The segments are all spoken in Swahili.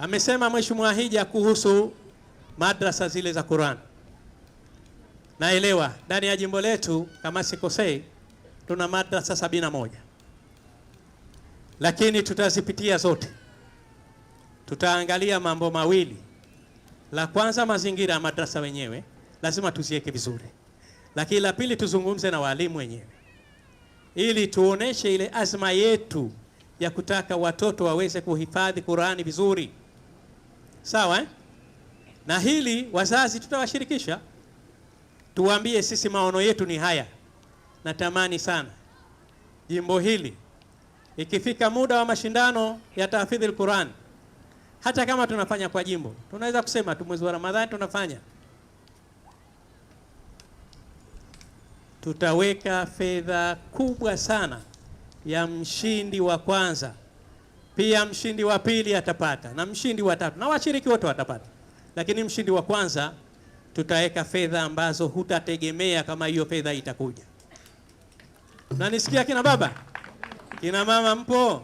Amesema Mheshimiwa Hija kuhusu madrasa zile za Qur'an. Naelewa ndani ya jimbo letu kama sikosei, tuna madrasa sabini na moja, lakini tutazipitia zote, tutaangalia mambo mawili. La kwanza, mazingira ya madrasa wenyewe lazima tuziweke vizuri, lakini la pili, tuzungumze na walimu wenyewe ili tuoneshe ile azma yetu ya kutaka watoto waweze kuhifadhi Qur'ani vizuri. Sawa eh? Na hili wazazi tutawashirikisha, tuwaambie sisi maono yetu ni haya. Natamani sana jimbo hili ikifika muda wa mashindano ya tahfidhi al-Quran, hata kama tunafanya kwa jimbo, tunaweza kusema tu mwezi wa Ramadhani tunafanya, tutaweka fedha kubwa sana ya mshindi wa kwanza pia mshindi wa pili atapata na mshindi wa tatu na washiriki wote watapata, lakini mshindi wa kwanza tutaweka fedha ambazo hutategemea kama hiyo fedha itakuja. nanisikia kina baba, kina mama, mpo?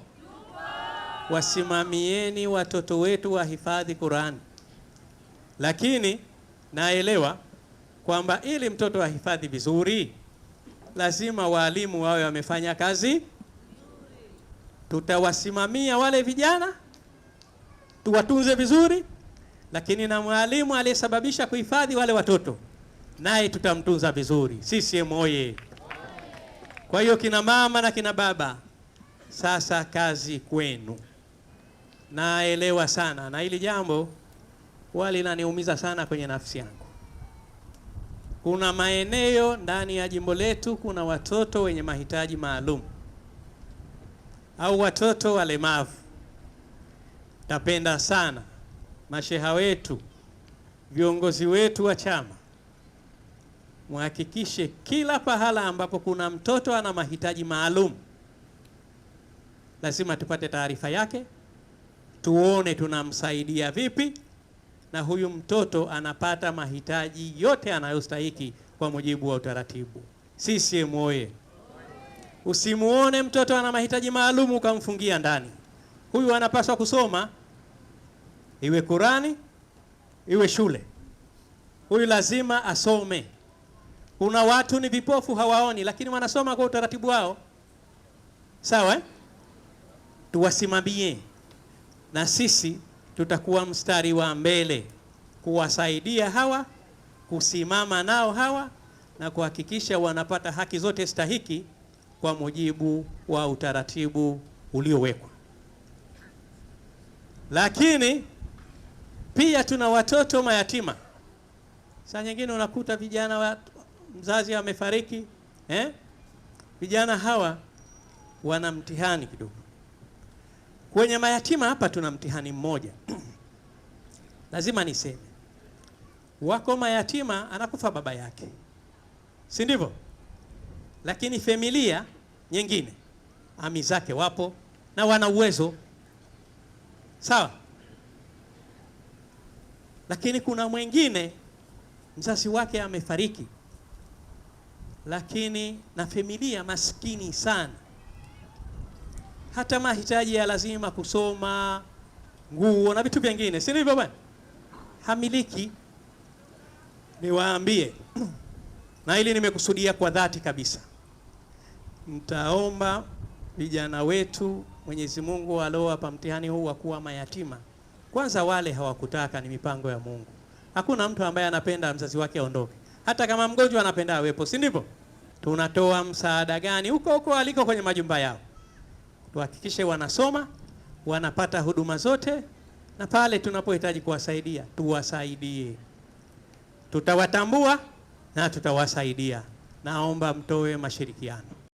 Wasimamieni watoto wetu wahifadhi Qurani, lakini naelewa kwamba ili mtoto ahifadhi vizuri lazima waalimu wawe wamefanya kazi tutawasimamia wale vijana tuwatunze vizuri, lakini na mwalimu aliyesababisha kuhifadhi wale watoto naye tutamtunza vizuri. CCM oye! Kwa hiyo kina mama na kina baba, sasa kazi kwenu. Naelewa sana na hili jambo walinaniumiza sana kwenye nafsi yangu. Kuna maeneo ndani ya jimbo letu kuna watoto wenye mahitaji maalum au watoto walemavu. Tapenda sana masheha wetu, viongozi wetu wa chama, muhakikishe kila pahala ambapo kuna mtoto ana mahitaji maalum, lazima tupate taarifa yake, tuone tunamsaidia vipi, na huyu mtoto anapata mahitaji yote anayostahiki kwa mujibu wa utaratibu. CCM oye! Usimuone mtoto ana mahitaji maalum ukamfungia ndani. Huyu anapaswa kusoma, iwe Qurani iwe shule, huyu lazima asome. Kuna watu ni vipofu, hawaoni, lakini wanasoma kwa utaratibu wao. Sawa eh? Tuwasimamie na sisi tutakuwa mstari wa mbele kuwasaidia hawa, kusimama nao hawa na kuhakikisha wanapata haki zote stahiki kwa mujibu wa utaratibu uliowekwa. Lakini pia tuna watoto mayatima. Saa nyingine unakuta vijana wa mzazi amefariki eh? Vijana hawa wana mtihani kidogo. Kwenye mayatima hapa tuna mtihani mmoja lazima niseme, wako mayatima anakufa baba yake, si ndivyo? Lakini familia nyingine ami zake wapo na wana uwezo sawa, lakini kuna mwingine mzazi wake amefariki, lakini na familia maskini sana, hata mahitaji ya lazima kusoma, nguo na vitu vingine, si ndivyo bwana? Hamiliki. Niwaambie na hili nimekusudia kwa dhati kabisa mtaomba vijana wetu Mwenyezi Mungu aliowapa mtihani huu wa kuwa mayatima. Kwanza wale hawakutaka, ni mipango ya Mungu. Hakuna mtu ambaye anapenda mzazi wake aondoke, hata kama mgonjwa anapenda awepo, si ndivyo? Tunatoa msaada gani huko huko aliko kwenye majumba yao, tuhakikishe wanasoma, wanapata huduma zote, na pale tunapohitaji kuwasaidia tuwasaidie. Tutawatambua na tutawasaidia. Naomba mtoe mashirikiano.